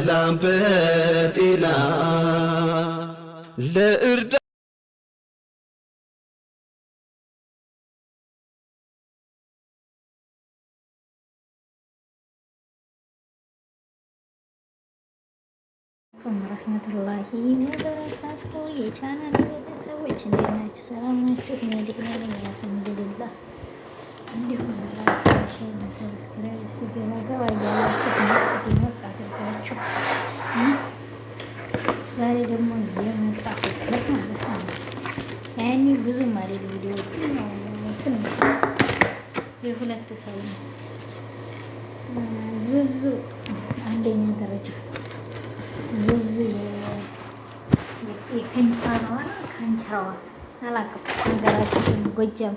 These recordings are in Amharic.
በሰላም በጤና ለእርዳ ረህመቱላሂ ወበረካቱ የቻናል ቤተሰቦች እንዴት ናችሁ? ሰላም ናችሁ? እኔ ደህና ነኝ አልሐምዱሊላህ። እንዲሁም ሰብስክራይብ እስኪገባ ብዙ አንደኛ ደረጃ ብዙ የከንቸራዋ ከንቸራዋ አላውቅም። ሀገራችን ጎጃም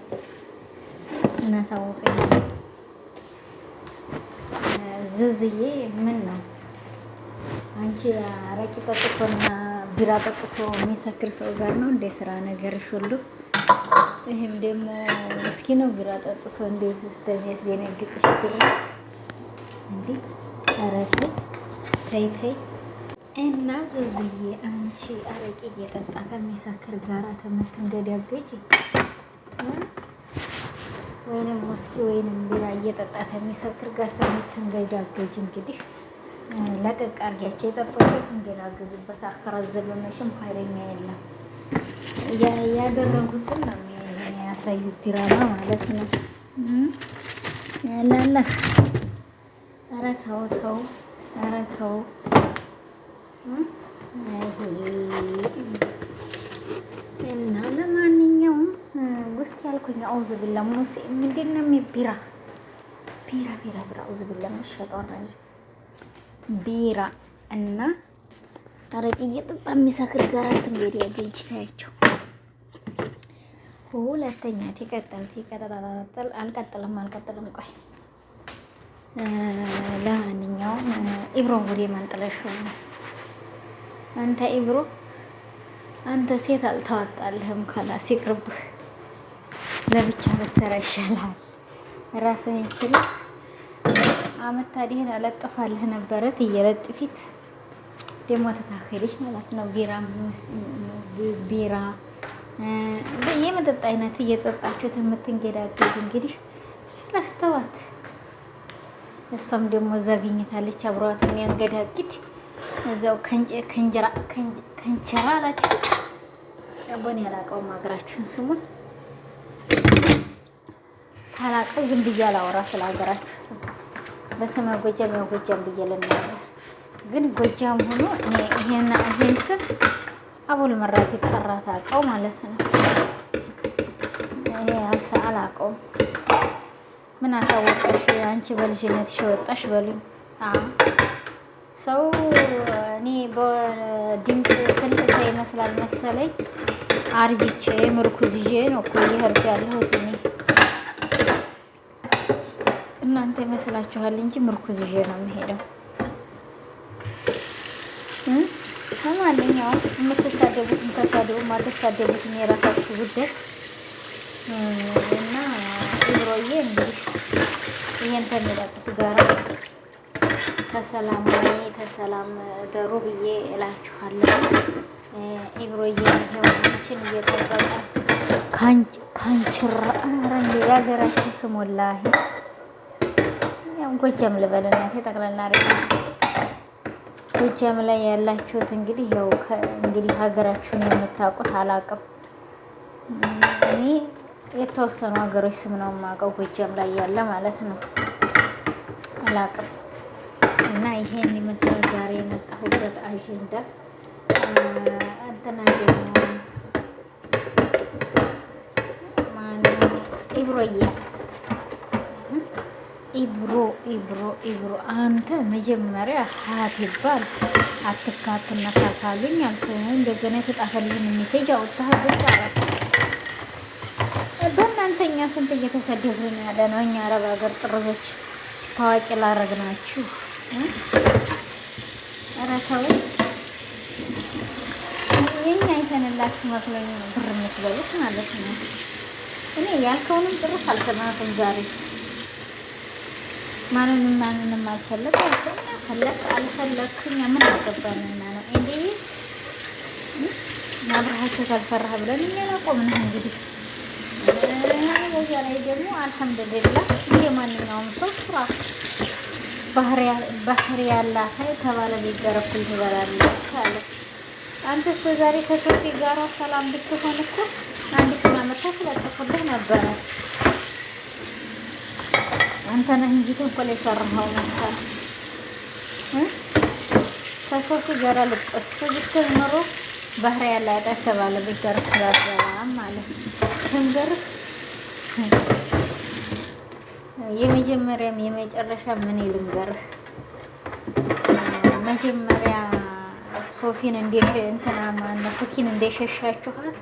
እናሳወቀኝ ዝዝዬ ምን ነው አንቺ አረቂ ጠጥቶና ቢራ ጠጥቶ የሚሰክር ሰው ጋር ነው እንደ ስራ ነገር ሁሉ። ይህም ደግሞ እስኪ ነው ቢራ ጠጥቶ እንዴት እስከሚያስደነግጥሽ ድረስ እንዲህ ኧረ ተይ ተይ ተይ እና ዙዙዬ አንቺ አረቄ እየጠጣ ከሚሰክር ጋራ ከምትንገዳገጭ ወይንም ውስኪ ወይንም ቢራ እየጠጣ ከሚሰክር ጋር ከምትንገዳገጅ እንግዲህ ለቀቅ አድርጊያቸው። የጠጡበት እንገዳገዱበት። አኸራ ዘለመሽም ኃይለኛ የለም። ያደረጉትን ነው የሚያሳዩት ዲራማ ማለት ነው። ያላለህ ኧረ ተው ተው፣ ኧረ ተው። እና ለማንኛውም ውስኪ ያልኩኝ አውዝ ብላ ሙሴ ምንድን ነው ቢራ ቢራ ቢራ ቢራ አውዝ ብላ የምትሸጠው ቢራ እና አረቄ እየጠጣ የሚሰክር ገራት እንግዲህ ያገኝ ታያቸው። ሁለተኛ ቲቀጠል ቲቀጠል አልቀጥልም አልቀጥልም ቆይ ለማንኛውም ኢብሮ ጉዴ ማንጥለሽ አንተ ኢብሮ አንተ ሴት አልተዋጣልህም። ከላስ ይቅርብህ፣ ለብቻ በሰራ ይሻላል። ራስህን ችል። አመታዲህን አለጥፋልህ ነበረ ትየለጥ ደግሞ ተታከለች ማለት ነው። ቢራ ቢራ የመጠጥ አይነት እየጠጣችሁት የምትንገዳገድ እንግዲህ ለስተዋት እሷም ደግሞ እዛ አግኝታለች አብረዋት የሚያንገዳግድ እዛው ከንጀራ ከንጀራ አላችሁ ቦን ያላቀውም ሀገራችሁን ስሙን ታላቀው ዝም ብዬ አላወራ ስለ ሀገራችሁ ስሙ በስመ ጎጃም ያው ጎጃም ብዬ ልናገር ግን ጎጃም ሆኖ ይሄና ይሄን ስም አቡል መራፊ ጠራ አቀው ማለት ነው። እኔ አልሳ አላቀውም ምን አሳወቀሽ? አንቺ በልጅነት ወጣሽ በሉኝ። ሰው እኔ በድምፅ ትልቅ ሰው ይመስላል መሰለኝ። አርጅቼ ምርኩዝ ይዤ ነው እኮ እየሄድኩ ያለሁት እኔ። እናንተ ይመስላችኋል እንጂ ምርኩዝ ይዤ ነው የምሄደው። ከማንኛውም የምትሳደቡትን ተሳደቡ፣ የማትሳደቡትን የራሳችሁ ጉዳይ እና ኢብሮዬ እንግዲህ ይህን ከሚለቁት ጋራ ከሰላም ወይ ከሰላም ደሩ ብዬ እላችኋለሁ። ኢብሮዬ ይሄው እየጠበቀ ካንችራ የሀገራችሁ ስም ወላሂ ጎጃም ልበል እናቴ ጠቅለልና ጎጃም ላይ ያላችሁት እንግዲህ ያው እንግዲህ ሀገራችሁን የምታውቁት አላውቅም እኔ የተወሰኑ ሀገሮች ስም ነው የማውቀው፣ ጎጃም ላይ ያለ ማለት ነው። አላቅም እና ይሄን ይመስላል ዛሬ የመጣሁበት አጀንዳ እንትና ደግሞ ማነው ኢብሮዬ ኢብሮ ኢብሮ ኢብሮ አንተ መጀመሪያ ሀያት ይባል አትካትነካካሉኝ ካሳሉኝ እንደገና የተጣፈልህን ሚሴጅ አውጥተህ ብቻ በእናንተኛ ስንት እየተሰደብን ያለ ነው። እኛ አረብ ሀገር ጥርዞች ታዋቂ ላረግናችሁ። ኧረ ተው፣ የኛ አይተንላችሁ መስሎኝ ነው ብር የምትበሉት ማለት ነው። እኔ ያልከውንም ጥርስ አልሰማሁም ዛሬ። ማንንም ማንንም አልፈለግ ፈለግ አልፈለግ እኛ ምን አገባንና ነው እንዴ? ማብረሃቸው ካልፈራህ ብለን እኛ ላቆምንህ እንግዲህ በዚያ ላይ ደግሞ አልሐምዱሊላ የማንኛውም ሰው ስራ ባህር ያላት ከባለቤት ጋር ትበላለች አለ። አንተ እስከ ዛሬ ከሶፊ ጋር ሰላም ብትሆን እኮ አንድ ስና መታ ስለጥፉልህ ነበረ። አንተ ነህ እንጂ ተንኮል የሰራኸው መሳል ከሶፊ ጋር ልቆስ ብትል ባህር ያላት ከባለቤት ጋር ስላዘላም ማለት ነው። ልንገርህ የመጀመሪያም የመጨረሻ ምን ልንገርህ፣ መጀመሪያ ሶፊን እንትና ማነው ሶኪን እንደሸሻችኋት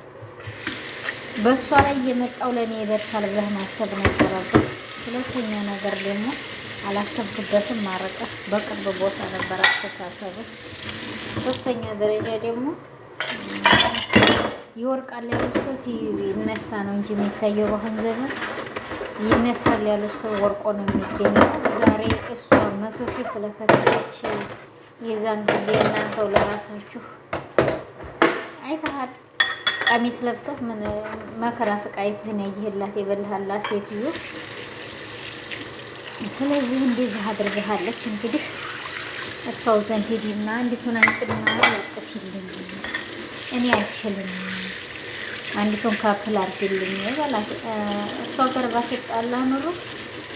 በእሷ ላይ የመጣው ለእኔ ይደርሳል ብለህ ማሰብ ነበረብህ። ሁለተኛ ነገር ደግሞ አላሰብክበትም ማረቀት በቅርብ ቦታ ነበር አስተሳሰብህ። ሶስተኛ ደረጃ ደግሞ ይወርቃል ያሉት ሰው ይነሳ ነው እንጂ የሚታየው በአሁን ዘመን ይነሳል ያሉት ሰው ወርቆ ነው የሚገኘው። ዛሬ እሷ መቶ ሺህ ስለከተለች የዛን ጊዜ እናንተው ለራሳችሁ አይተሃል። ቀሚስ ለብሰህ ምን መከራ ስቃይትህን ያየህላት የበልሃላ ሴትዮ። ስለዚህ እንደዚህ አድርገሃለች። እንግዲህ እሷው ዘንድ ሂድና እንዲሁን አንጭና ያጥፍልኝ እኔ አይችልም አንዲቱን ካፕል አድርግልኝ ይበላት። እሷ ጋር ባሰጣላ ኑሮ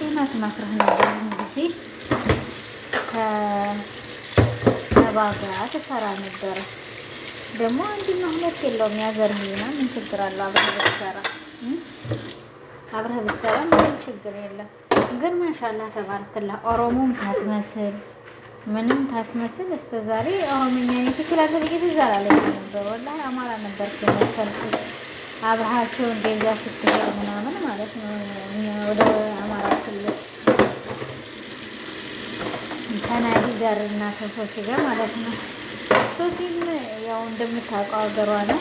ጤናት ማክረህ ነበር። ጊዜ ከሰባ ጋር ትሰራ ነበረ። ደግሞ አንድና ሁለት የለውም። ያዘርህና ምን ችግር አለው? አብረህ ብትሰራ አብረህ ብትሰራ ምንም ችግር የለም። ግን ማሻላ ተባርክላ። ኦሮሞም ታትመስል ምንም ታትመስል። እስከ ዛሬ ኦሮምኛ ትችላለህ ብዬ ትዝ አላለኝም ነበር። ወላሂ አማራ ነበር መሰልኩት አብረሃቸው እንደዚያ ስትሄድ ምናምን ማለት ነው ወደ አማራ ክልል ከናዲ ጋር እና ከሶፊ ጋር ማለት ነው። ሶፊም ያው እንደምታውቀው ሀገሯ ነው፣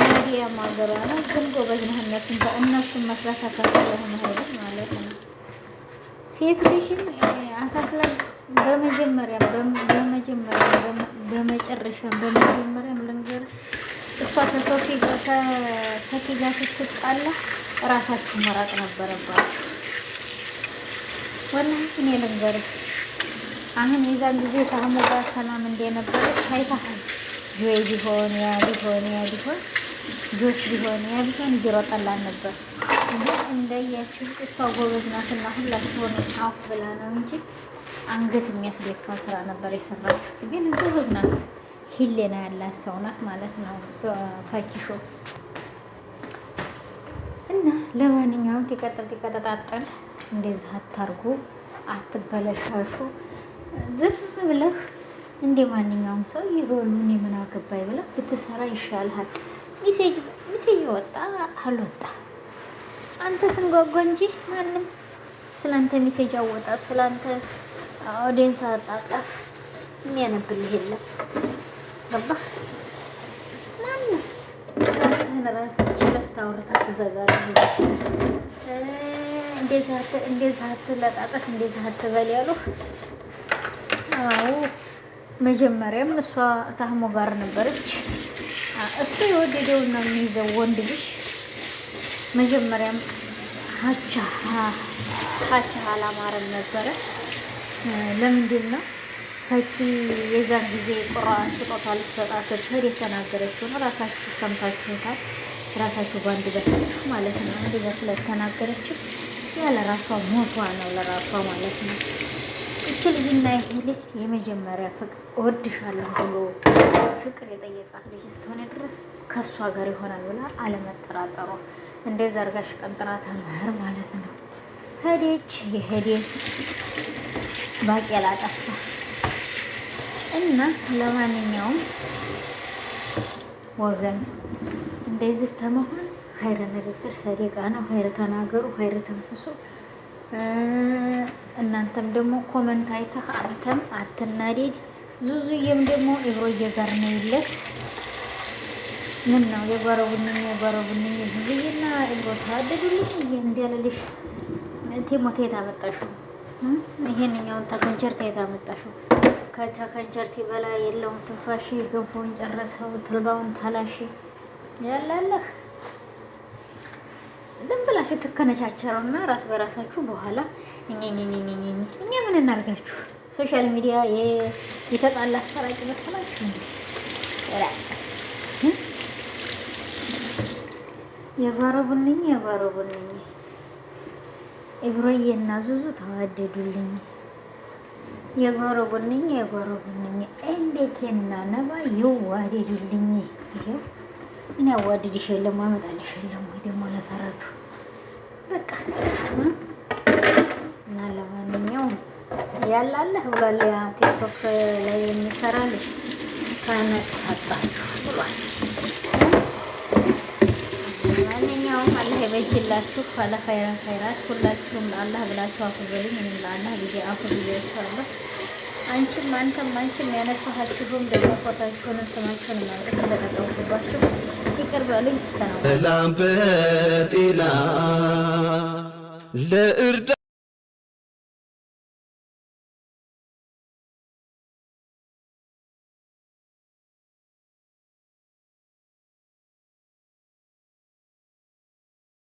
ናዲያም ሀገሯ ነው። ግን ጎበዝ ነህ። በእነሱን መስራት አካፍለህ መሄድ ማለት ነው። ሴት ልጅም አሳስላል በመጀመሪያ በመጀመሪያ በመጨረሻ በመጀመሪያም ልንገርህ እሷ ተሶፊ ጋር ስትጣላ እራሳችሁ መራቅ ነበረባት። ወላሂ እኔ ልንገርህ አሁን የዛን ጊዜ ታህሙ ጋር ሰላም እንደነበረች አይታሃል። ጆይ ቢሆን ያ ቢሆን ያ ቢሆን ጆስ ቢሆን ያ ቢሆን ይሮጠላል ነበር። ግን እንዳያችሁ እሷ ጎበዝ ናትና ሁላችሁን አውቅ ብላ ነው እንጂ አንገት የሚያስደፋ ስራ ነበር የሰራችሁት። ግን ጎበዝ ናት። ሂሌና ያላት ሰው ናት ማለት ነው ፈኪሾ እና ለማንኛውም ቲቀጠል ቲቀጠጣጠል እንደዚህ አታርጉ፣ አትበለሻሹ። ዝም ብለህ እንደ ማንኛውም ሰው ይበሉ እኔ አገባኝ ብለህ ብትሰራ ይሻልሃል። ሚሴጅ ወጣ አልወጣ አንተ ትንጓጓ እንጂ ማንም ስለአንተ ሚሴጅ አወጣ ስለአንተ ኦዲየንስ አጣጣፍ የሚያነብልህ የለም። ገባህ? ማነው ራስህን ራስህ ችለህ ታውርተህ ትዘጋለህ። እንደዚያ አትለጣጠፍ፣ እንደዚያ አትበል ያሉህ። አዎ መጀመሪያም እሷ ታህሞ ጋር ነበረች። እሱ የወደደውና የሚይዘው ወንድ ልጅ መጀመሪያም ሀቻ ሀቻ አላማረም ነበረ። ለምንድን ነው ፈኪ የዛን ጊዜ ቁርአን ስጦታ ልትሰጣት ስትሄድ ነው። ራሳችሁ ሰምታችሁታል። ራሳችሁ በአንድ በታችሁ ማለት ነው። አንድ ስለተናገረችው ያለ ራሷ ሞቷ ነው ለራሷ ማለት ነው። እቺ ልጅና ይሄ ልጅ የመጀመሪያ ፍቅር እወድሻለሁ ብሎ ፍቅር የጠየቃት ልጅ ስትሆነ ድረስ ከእሷ ጋር ይሆናል ብላ አለመጠራጠሯ እንደዛ አድርጋሽ ቀንጥራ ተመር ማለት ነው። ሄደች የሄዴ ባቄላ ጠፋ። እና ለማንኛውም ወገን እንደዚህ ተመሆን ኸይረ ንግግር ሰደቃ ነው። ኸይረ ተናገሩ፣ ኸይረ ተንፍሱ። እናንተም ደግሞ ኮመንት አይተህ አንተም አትናደድ። ዙዙዬም ደግሞ ኢብሮዬ ጋር ነው ይለት ምን ነው የጓረቡንኝ የጓረቡንኝ ዙዙዬና ኢብሮ ተዋደዱልኝ እ እንዲያለልሽ ቲሞቴ የታመጣሹ ይሄንኛውን ተኮንቸርታ የታመጣሹ ከቸከንቸርቲ በላይ የለውም ትንፋሽ። ገንፎን ጨረሰው፣ ትልባውን ታላሽ ያላለህ ዝም ብላችሁ ትከነቻቸሩና ራስ በራሳችሁ በኋላ እኛ ምን እናርጋችሁ? ሶሻል ሚዲያ የተጣላ አሰራጭ መሰላችሁ? የባሮ ቡንኝ የባሮ ቡንኝ ኢብሮዬና ዙዙ ተዋደዱልኝ። የጎረቡንኝ የጎረቡንኝ እንዴት እና ነባ ይዋደዱልኝ። ይሄው እኔ አዋድድሽ የለም አመጣልሽ የለም ወይ ደግሞ ለተረቱ በቃ እና ለማንኛውም ያላለህ ብሏል። ያ ቲክቶክ ላይ የሚሰራልሽ ተነሳጣችሁ ብሏል። በጅላችሁ ካለ ኸይራት ኸይራት ሁላችሁም ለአላህ ብላችሁ አክብሩልኝ። እኔም ለአላህ ጊዜ አክብሩልኝ። አንቺም አንተም አንቺም ያነሳችሁም ደግሞ ፎታችሁን ስማችሁን እናንተ ተደረጋችሁባችሁ ይቅር በሉኝ። ሰላም ለእርዳ